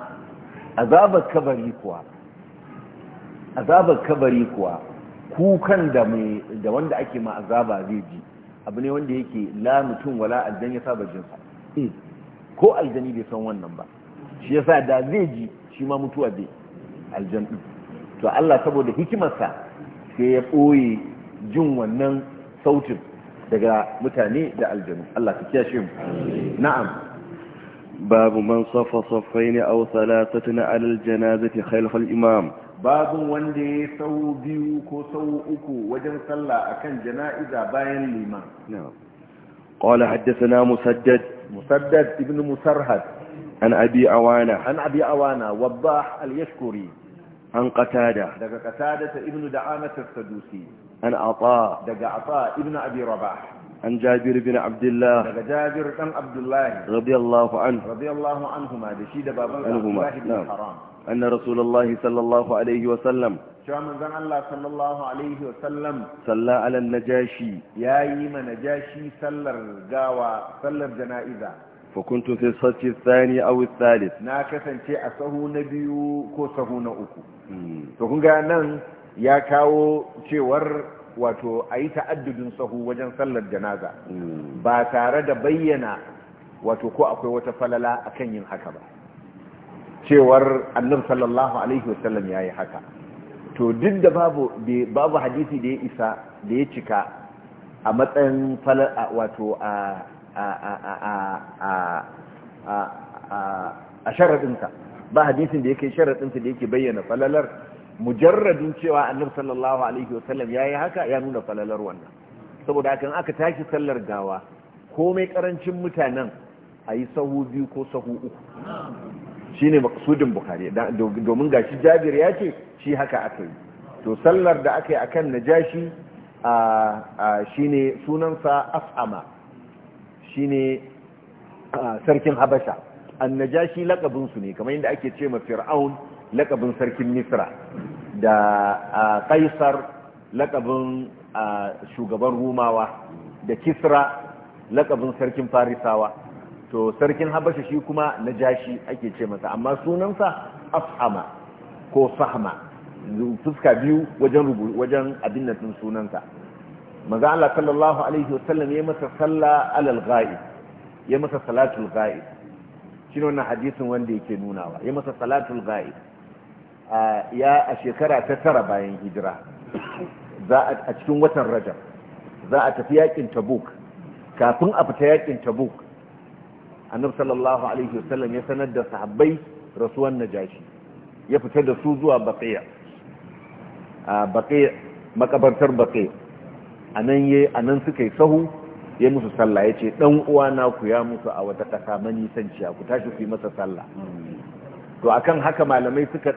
azabar kabari kuwa azabar kabari kuwa kukan da mai da wanda ake ma azaba zai ji abu ne wanda yake la mutum wala aljan ya saba jinsa ko aljani bai san wannan ba shi yasa da zai ji shi ma mutuwa zai aljan din to Allah saboda hikimarsa sai ya ɓoye jin wannan sautin daga mutane da aljanu Allah ka kiyashe mu na'am babu man safa safaini aw thalathatin ala aljanazati khalfa imam babu wanda ya sau biyu ko sau uku wajen sallah akan jana'iza bayan liman na'am qala haddathana musaddad مسدد ابن مسرهد عن أبي أوانا عن أبي أوانا وضاح اليشكري عن قتادة دقى قتادة ابن دعامة السدوسي عن عطاء دقى عطاء ابن أبي رباح عن جابر بن عبد الله دقى جابر بن عبد الله رضي الله عنه رضي الله عنهما دشيد بابا عبد الله بن حرام أن رسول الله صلى الله عليه وسلم cewa manzon Allah sallallahu alaihi wasallam salla ala najashi yayi ma najashi sallar gawa sallar jana'iza fa kuntu fi sati thani aw thalith na kasance a sahu na biyu ko sahu na uku hmm. to kun ga nan ya kawo cewar wato ayi ta'addudin sahu wajen sallar janaza hmm. ba tare da bayyana wato ko akwai wata falala akan yin haka ba cewar annabi sallallahu alaihi wa wasallam yayi haka to duk da babu babu hadisi da ya isa da ya cika a matsayin falar wato a a a a a a ba hadisin da yake sharaɗinsa da yake bayyana falalar mujarradin cewa annabi sallallahu alaihi wasallam ya yi haka ya nuna falalar wannan saboda kan aka tashi sallar gawa komai karancin mutanen ayi yi sahu biyu ko sahu uku shine maksudin bukhari domin gashi jabir ya ce shi haka aka yi to sallar da aka yi a kan najashi shi ne sunansa as'ama shi ne sarkin habasha an najashi lakabinsu ne kamar yadda ake ce ma fir'aun lakabin sarkin misra da kaisar lakabin shugaban rumawa da kisra lakabin sarkin farisawa to sarkin habasha shi kuma najashi ake ce masa amma sunansa as'ama ko sahma fuska biyu wajen wajen abin nan sunansa maza Allah sallallahu alaihi wasallam ya masa salla alal ghaib ya masa salatul ghaib shine wannan hadisin wanda yake nunawa ya masa salatul ghaib ya a shekara ta tara bayan hijira za a cikin watan rajab za a tafi yakin tabuk kafin a fita yakin tabuk annab sallallahu alaihi wasallam ya sanar da sahabbai rasuwan najashi ya fita da su zuwa baƙiya a baƙiya makabartar baqiya yi a nan suka yi sahu ya musu sallah ya ce ɗan uwana ku ya musu a wata ƙasa mani sanciya ku tashi ku yi masa sallah to a kan haka malamai suka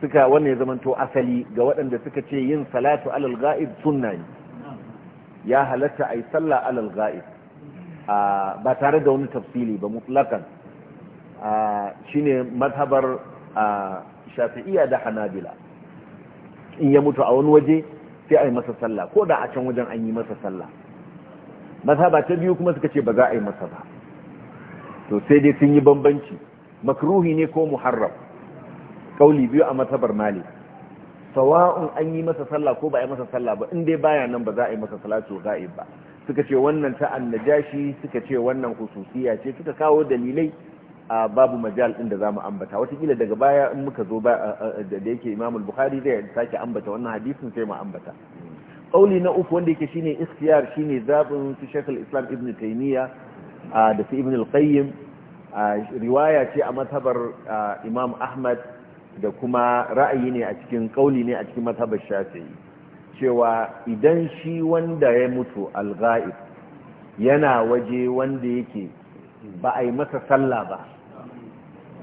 suka wannan ya zamanto asali ga waɗanda suka ce yin salatu alal ga'id sunna ne ya halatta a yi sallah alal ga'id ba tare da wani tafsili ba mutlakan ne mazhabar a shafi'iya da hanabila in ya mutu a wani waje sai a yi masa sallah ko da a can wajen an yi masa sallah mazhaba ta biyu kuma suka ce ba za a yi masa ba to sai dai sun yi bambanci makruhi ne ko muharram kauli biyu a matabar mali sawa'un an yi masa sallah ko ba a yi masa sallah ba in dai baya nan ba za a yi masa a yi ba suka ce wannan ta annajashi suka ce wannan hususiya ce suka kawo dalilai a babu majal din da za mu ambata watakila daga baya in muka zo da yake Imam al-Bukhari zai sake ambata wannan hadisin sai mu ambata ƙauli na uku wanda yake shine ikhtiyar shine zabin su Sheikh islam Ibn Taymiyyah da su Ibn al riwaya ce a mazhabar Imam Ahmad da kuma ra'ayi ne a cikin kauli ne a cikin mazhabar Shafi'i cewa idan shi wanda ya mutu al yana waje wanda yake ba a yi masa sallah ba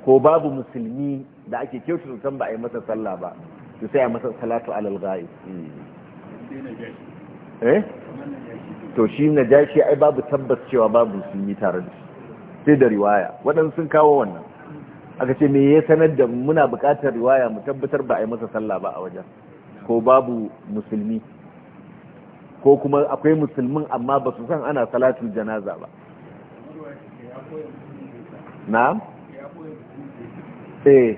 ko babu musulmi da ake kyautu san ba a yi masa sallah ba su sai a masa salatu alal ghaib eh to shi na jashi ai babu tabbas cewa babu musulmi tare da shi sai da riwaya waɗansu sun kawo wannan aka ce me ya sanar da muna buƙatar riwaya mu tabbatar ba a yi masa sallah ba a wajen ko babu musulmi ko kuma akwai musulmin amma ba su san ana salatu janaza ba na'am eh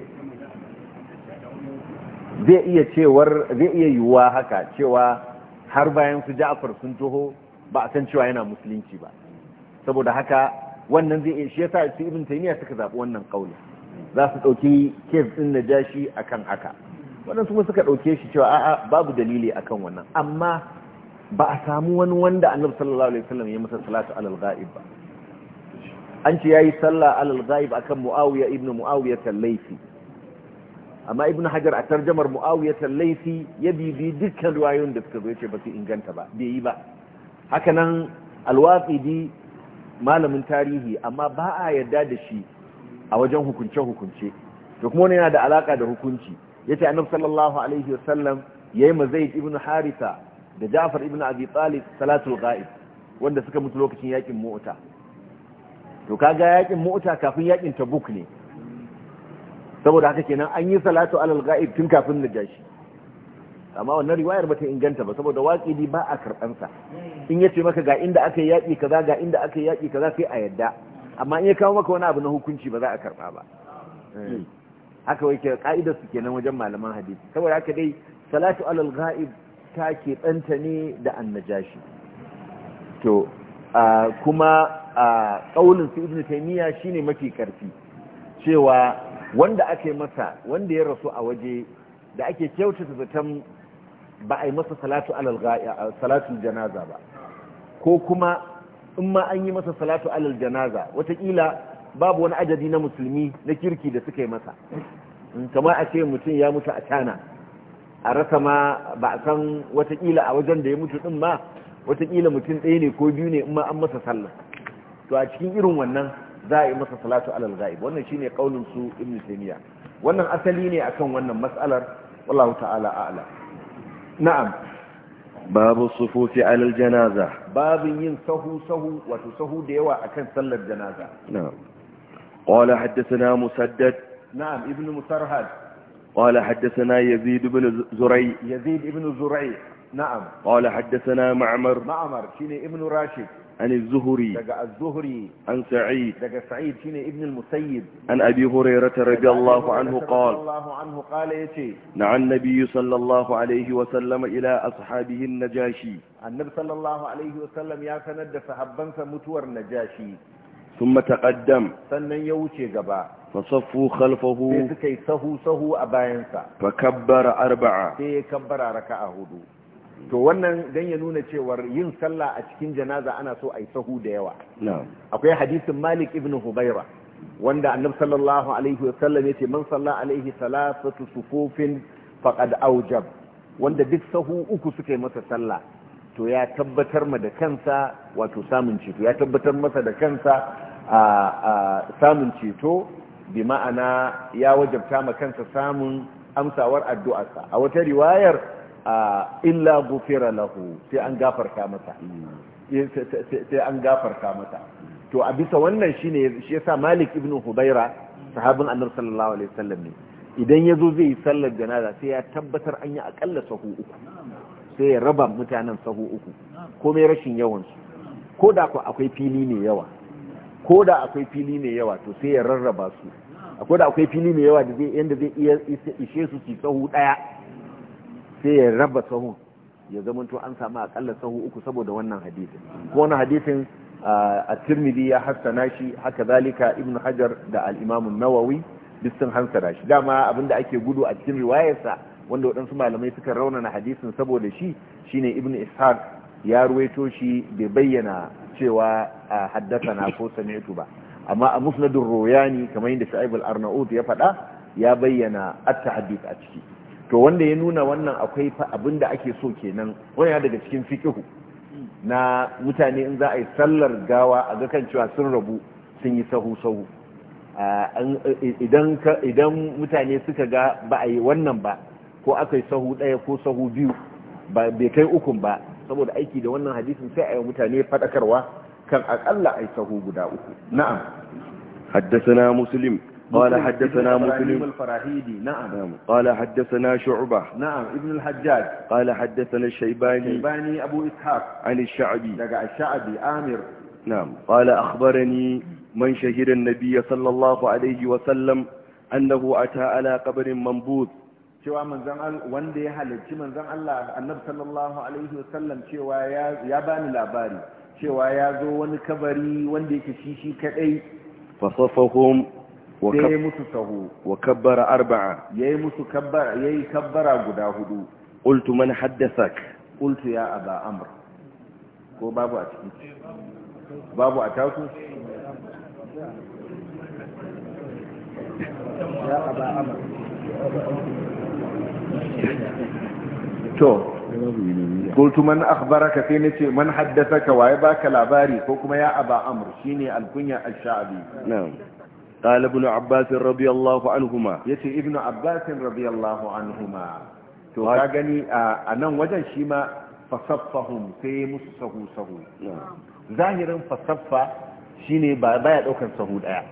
zai iya iya yiwuwa haka cewa har bayan su ja'afar sun toho ba a san cewa yana musulunci ba saboda haka wannan zai iya shi yasa su ibn taymiya suka zaɓi wannan kauli za su ɗauki kes ɗin na jashi akan haka waɗansu kuma suka ɗauke shi cewa a'a babu dalili akan wannan amma ba a samu wani wanda annabi sallallahu alaihi wasallam ya masa salatu alal ghaib ba an ce ya yi sallah alal ghaib kan muawiya ibn muawiya al amma ibn hajar a tarjamar muawiya laifi ya bibi dukkan riwayoyin da suka zo ce ba su inganta ba bai yi ba hakanan nan malamin tarihi amma ba a yarda da shi a wajen hukunce hukunce to kuma wani yana da alaka da hukunci yace annabi sallallahu alaihi wa sallam ya yi mazaid ibn harisa da ja'far ibn abi talib salatul ghaib wanda suka mutu lokacin yakin mota. to kaga yakin mota kafin yakin tabuk ne saboda haka kenan an yi salatu alal ghaib tun kafin najashi amma wannan riwayar bata inganta ba saboda waqidi ba a karɓansa in yace ce maka ga inda aka yi yaƙi kaza ga inda aka yi yaƙi kaza sai a yadda amma in ya kawo maka wani abu na hukunci ba za a karɓa ba eh. haka wai ke ka'idar su kenan wajen malaman hadisi saboda haka dai salatu alal ghaib ta ke tsanta ne da annajashi to kuma a kaulin su ibnu taymiya shine mafi karfi cewa wanda ake masa wanda ya rasu a waje da ake kyautata zaton ba a yi masa salatu alal salatu janaza ba ko kuma in ma an yi masa salatu alal janaza wataƙila babu wani ajadi na musulmi na kirki da suka yi masa kamar a ce mutum ya mutu a cana a rasa ma ba a san watakila a wajen da ya mutu din ma watakila mutum ɗaya ne ko biyu ne in ma an masa sallah to a cikin irin wannan za a yi masa salatu alal ghaib wannan shine kaulin su ibn taymiya wannan asali ne akan wannan mas'alar wallahu ta'ala a'la na'am babu sufufi alal janaza babin yin sahu sahu wato sahu da yawa akan sallar janaza na'am qala haddathana musaddad na'am ibn musarhad قال حدثنا يزيد بن زريع يزيد بن زريع نعم قال حدثنا Mamar معمر شنو ابن Rashid. عن الزهري دقى الزهري عن سعيد دقى سعيد شيني ابن المسيب عن أبي هريرة رضي الله عنه قال الله عنه قال يتي نعى النبي صلى الله عليه وسلم إلى أصحابه النجاشي النبي صلى الله عليه وسلم يا سند صحبا فمتور نجاشي ثم تقدم سنن يوشي قبا فصفوا خلفه سهو سهو أباينسا فكبر أربعة فكبر ركعه دو to wannan dan ya nuna cewar yin sallah a cikin janaza ana so a yi sahu da yawa akwai hadisin malik ibn hubaira wanda annab sallallahu alaihi wasallam ya ce man salla alaihi salasatu sufufin faqad aujab wanda duk sahu uku suka yi masa sallah to ya tabbatar ma da kansa wato samun ceto ya tabbatar masa da kansa a samun ceto bi ma'ana ya wajabta ma kansa samun amsawar addu'arsa a wata riwayar illa gufira lahu sai an gafarta masa sai an gafarta masa to a bisa wannan shine shi yasa Malik ibn Hubaira sahabin Annabi sallallahu alaihi wasallam ne idan yazo zai sallar janaza sai ya tabbatar an yi akalla sahu uku sai ya raba mutanen sahu uku komai rashin yawan su ko da akwai fili ne yawa ko da akwai fili ne yawa to sai ya rarraba su ko da akwai fili ne yawa da zai yanda zai iya ishe su ci sahu daya sai ya raba sahun ya zama zamanto an samu akalla sahu uku saboda wannan hadisin ko wannan hadisin a tirmidhi ya hassana shi haka zalika ibn hajar da al-imam an-nawawi duk sun hansara shi dama abinda ake gudu a cikin riwayarsa wanda waɗansu malamai suka raunana hadisin saboda shi shine ibn ishaq ya ruwaito shi bai bayyana cewa haddasa na ko sami'tu ba amma a musnadur royani kamar yadda sha'ib al-arnaud ya faɗa ya bayyana at-tahdith a ciki to wanda ya nuna wannan akwai abin da ake so kenan wani ya daga cikin fikihu na mutane in za a yi sallar gawa a ga kan cewa sun rabu sun yi sahu-sahu idan mutane suka ga ba a yi wannan ba ko aka sahu ɗaya ko sahu biyu bai kai ukun ba saboda aiki da wannan hadisin sai a yi mutane faɗakarwa kan akalla a yi sahu guda uku na'am haddasa na musulim قال حدثنا مسلم الفراهيدي نعم قال حدثنا شعبة نعم ابن الحجاج قال حدثنا الشيباني الشيباني أبو إسحاق عن الشعبي لقى الشعبي آمر نعم قال أخبرني من شهد النبي صلى الله عليه وسلم أنه أتى على قبر منبوذ cewa manzan wanda ya halarci manzan Allah annabi sallallahu alaihi wasallam cewa ya bani labari cewa ya zo wani kabari wanda yake shi shi kadai fasafahum وكب... يمسته وكبر أربعة يمس كبر يكبر كبر أهدو قلت من حدثك قلت يا أبا أمر وبابو أتكت بابو أتكت يا أبا أمر تو قلت من أخبرك فيني من حدثك وعباك العباري فوكما يا أبا أمر شيني الكنية الشعبي نعم قال ابن عباس رضي الله عنهما يتي ابن عباس رضي الله عنهما to ka gani a nan wajen shima ma fasaffahum sai musu sahu sahu zahirin fasaffa shine ba baya daukan sahu daya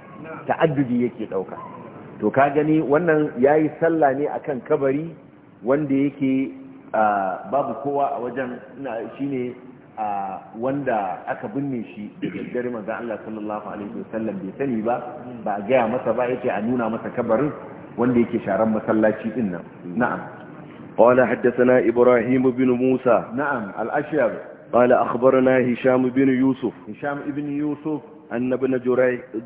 ta'addudi yake dauka to ka gani wannan yayi sallah ne akan kabari wanda yake babu kowa a wajen shine A wanda aka binne shi da daddare manzo Allah sallallahu alaihi wasallam bai sani ba ba a gaya masa ba yake a nuna masa kabarin wanda yake sharan masallaci din nan na'am qala haddathana ibrahim bin musa na'am al-ashyab qala akhbarana hisham bin yusuf hisham ibn yusuf أن ابن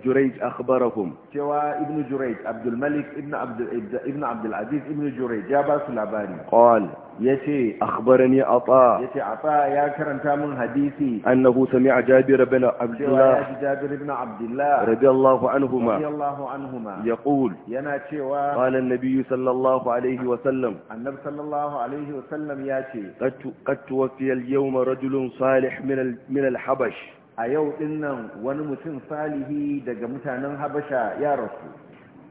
جريج أخبرهم سوى ابن جريج عبد الملك ابن عبد, ابن عبد العزيز ابن جريج يا باس العباري قال يتي أخبرني عطاء يتي عطاء يا كرم من حديثي أنه سمع جابر بن عبد الله جابر بن عبد الله رضي الله عنهما رضي الله عنهما يقول ينا سوى قال النبي صلى الله عليه وسلم النبي صلى الله عليه وسلم ياتي قد قد توفي اليوم رجل صالح من من الحبش a yau ɗin wani mutum salihi daga mutanen habasha ya rasu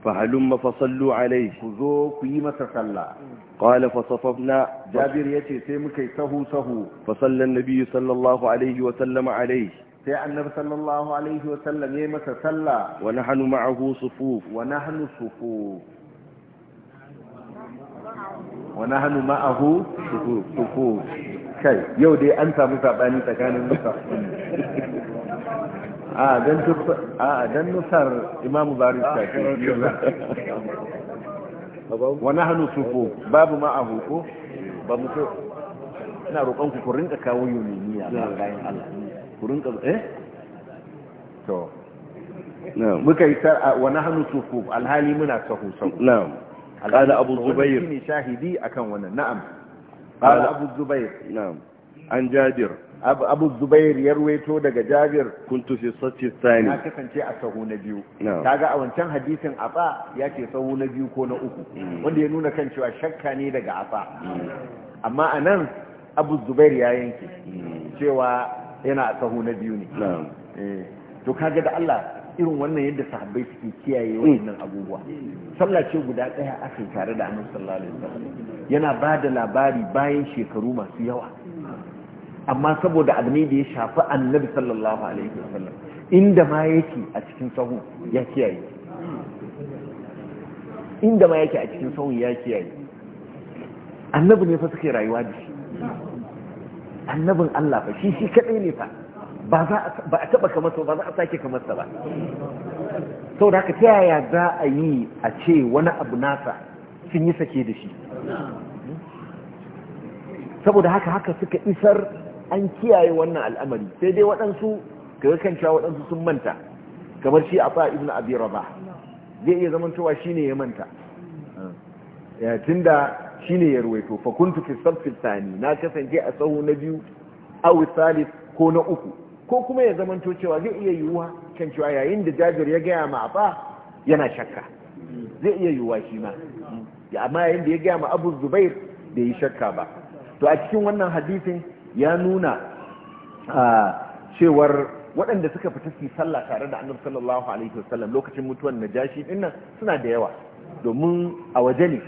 fahalun mafasallu alai ku zo ku yi masa sallah ƙwale fasafafna jabir ya ce sai muka yi sahu fasallan nabi sallallahu alaihi wa sallama alai sai annabi sallallahu alaihi wa sallam masa sallah wa hannu ma'ahu sufu wa na hannu sufu wa hannu ma'ahu sufu sufu kai yau dai an samu saɓani tsakanin mutane a dan a dan nusar imamu barin shafi wani hannu sufu babu ma'ahu ko ba mu so ina roƙon ku ku rinka kawo yuniniya ba bayan Allah ku rinka eh to muka yi sar wa nahnu sufu alhali muna sahu sahu na'am قال أبو shahidi akan أكون na'am قال أبو الزبير نعم عن جابر abu zubair ya ruwaito daga jabir kuntu fi sati tsani na kasance a sahu na biyu ga a wancan hadisin Afa ya ce sahu na biyu ko na uku hmm. wanda ya nuna kan cewa shakka ne daga Afa. Hmm. amma a nan abu zubair ya yanke hmm. cewa yana a sahu na biyu ne eh, to kaga da Allah irin wannan yadda sahabbai suke kiyaye wannan abubuwa sallah ce guda ɗaya aka tare da annabi sallallahu alaihi wasallam yana ba da labari bayan shekaru masu yawa amma saboda abu da ya shafi annabi sallallahu alaihi wasallam inda ma yake a cikin sahu ya kiyaye inda ma yake a cikin sahu ya kiyaye annabi ne fa suke rayuwa da shi annabin Allah fa shi shi kadai ne fa ba za ba a taba kamar ba za a sake kamar sa ba sau da haka ta yaya za a yi a ce wani abu nasa sun yi sake da shi saboda haka haka suka isar an kiyaye wannan al'amari sai dai waɗansu ga kan cewa waɗansu sun manta kamar shi a fa'a ibn abi raba zai iya zaman cewa ne ya manta shi ne ya ruwaito Fakuntu, fi safi na kasance a tsawo na biyu a wisali ko na uku ko kuma ya zaman cewa zai iya yiwuwa kan cewa yayin da Jajir ya gaya ma fa yana shakka zai iya yiwuwa shi ma amma yayin da ya gaya ma abu zubair bai yi shakka ba to a cikin wannan hadisin ya nuna cewar waɗanda suka fita su sallah tare da annabi sallallahu alaihi wasallam lokacin mutuwar najashi din suna da yawa domin a waje ne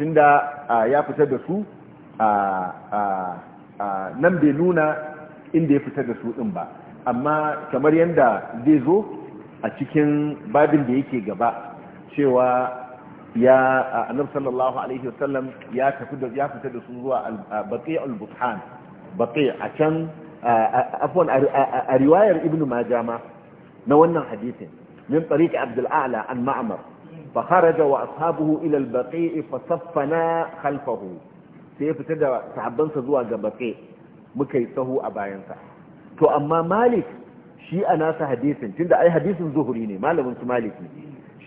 tunda ya fita da su nan bai nuna inda ya fita da su din ba amma kamar yadda zai zo a cikin babin da yake gaba cewa ya annabi sallallahu alaihi wasallam ya tafi da ya fita da su zuwa al buthan baƙi a can afwan a riwayar ibnu majama na wannan hadisin min tariq abdulala a'la an maamar fa kharaja wa ashabuhu ila al fa saffana sai fita da sahabbansa zuwa ga baƙi muka yi sahu a bayansa to amma malik shi a nasa hadisin tunda ai hadisin zuhuri ne malamin su malik ne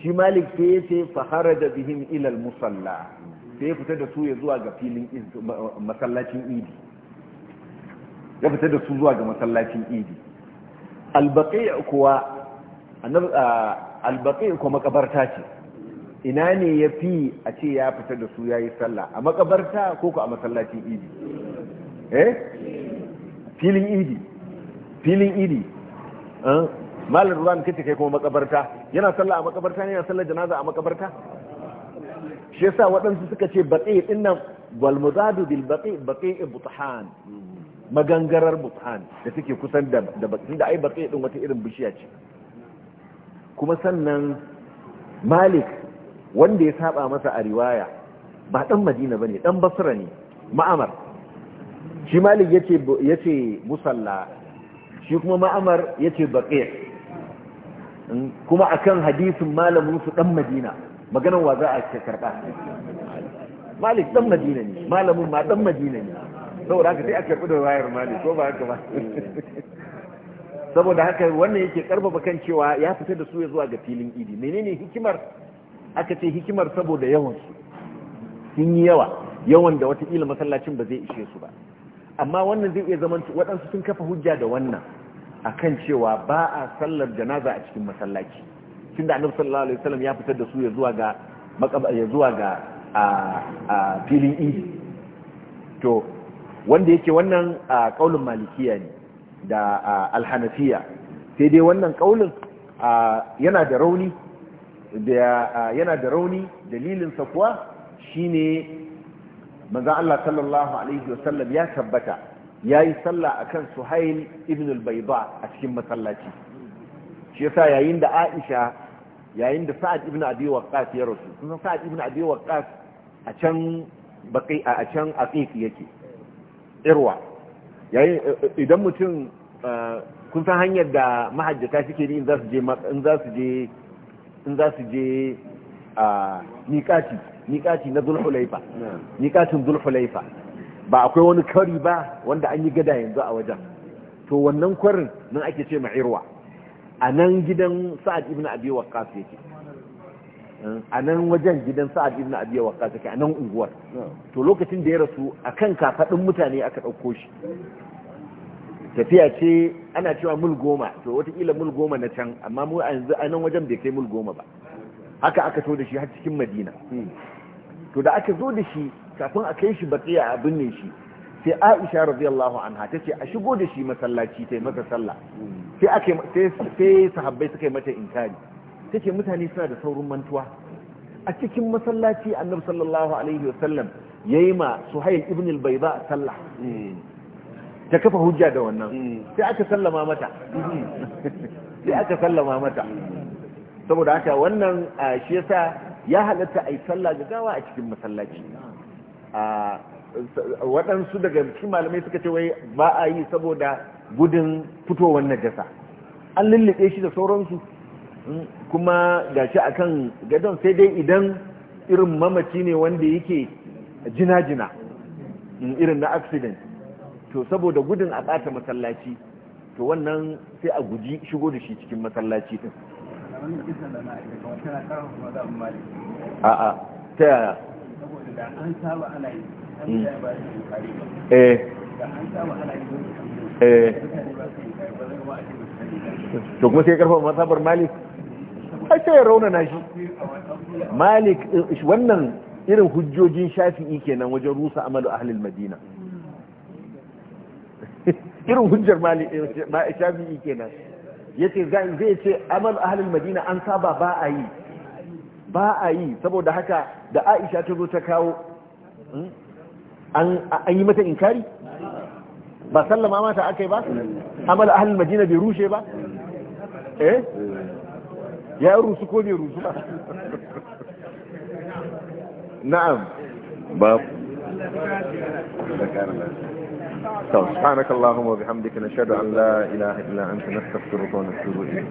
shi malik sai ya ce fa da bihin ilal musalla sai ya fita da su ya zuwa ga filin masallacin idi ya fita da su zuwa ga masallacin idi albaƙi kuwa albaƙi kuwa makabarta ce ina ne ya fi a ce ya fita da su ya yi sallah a makabarta ko ku a masallacin idi eh filin idi filin idi eh? malar ruwan kace kai kuma makabarta yana sallah a makabarta ne yana sallar janaza a makabarta shi yasa waɗansu suka ce baƙi ɗin nan walmuzadu bil baƙi baƙi ibutahan magangarar buthan da suke kusan da batsi da ai batsi din wata irin bishiya ce kuma sannan malik wanda ya saba masa a riwaya ba dan madina bane dan basra ne ma'amar shi malik yace yace musalla shi kuma ma'amar yace baqi hmm, kuma akan hadisin malamin su dan madina maganar wa za a karba malik dan madina ne malamin ma dan madina ne saboda haka sai a karɓi da wayar mali ko ba haka ba saboda haka wannan yake karfafa kan cewa ya fitar da su ya zuwa ga filin idi menene hikimar aka ce hikimar saboda yawan su sun yi yawa yawan da watakila masallacin ba zai ishe su ba amma wannan zai iya zama waɗansu sun kafa hujja da wannan akan cewa ba a sallar janaza a cikin masallaci tun da annabi sallallahu alaihi wasallam ya fitar da su ya zuwa ga ya zuwa ga a filin idi to wanda yake wannan a kaulin malikiya ne da alhanafiya sai dai wannan kaulin yana da rauni da yana da rauni dalilin sa kuwa shine manzon Allah sallallahu alaihi wasallam ya tabbata yayi sallah akan Suhail ibn al-Bayda a cikin masallaci shi yasa yayin da Aisha yayin da Sa'ad ibn Abi Waqqas ya rasu kuma Sa'ad ibn Abi Waqqas a can baqi a can yake irwa yayin idan mutum eh, kun san hanyar da mahajjata suke yi in za su je in za zulhulaifa ba akwai wani kari ba wanda an yi gada yanzu a wajen to wannan kwarin nan ake ce ma irwa a nan gidan sa'ad ibn abi waqqas yake a nan wajen gidan sa'ad ibn abi waqa take a nan unguwar to lokacin da ya rasu a kan kafadin mutane aka ɗauko shi tafiya ce ana cewa mul goma to watakila mul goma na can amma mu a yanzu a nan wajen bai kai mul goma ba haka aka so da shi har cikin madina to da aka zo da shi kafin a kai shi baqiya a binne shi sai aisha radiyallahu anha ta ce a shigo da shi masallaci ta yi masa sallah sai sahabbai suka yi mata inkari ce mutane suna da saurin mantuwa a cikin masallaci annab sallallahu alaihi wasallam yayi ma suhayl ibn al-bayda sallah ta kafa hujja da wannan sai aka sallama mata sai aka sallama mata saboda haka wannan shi yasa ya halatta ai sallah gawa a cikin masallaci waɗansu daga cikin malamai suka ce wai ba a yi saboda gudun fitowar najasa an lullube shi da sauransu kuma gashi akan gadon sai dai idan irin mamaci ne wanda yake jina-jina mm, irin na accident to saboda gudun a ɓata masallaci to wannan sai a guji shigo da shi cikin masallaci din a'a ta yaya an mm. eh. eh. to kuma sai karfafa masabar malik ai sai ya raunana shi malik wannan irin hujjojin shafi'i kenan wajen rusa amalu ahlul madina irin hujjar shafi'i kenan yace zai ce amalu ahlul madina an saba ba a yi ba a yi saboda haka da aisha ta zo ta kawo hmm? an yi mata inkari ba sallama mata aka yi ba amal ahalin madina bai rushe ba eh يا روسو كوني روسو نعم باب سبحانك اللهم وبحمدك نشهد أن لا إله إلا أنت نستغفرك ونتوب إليك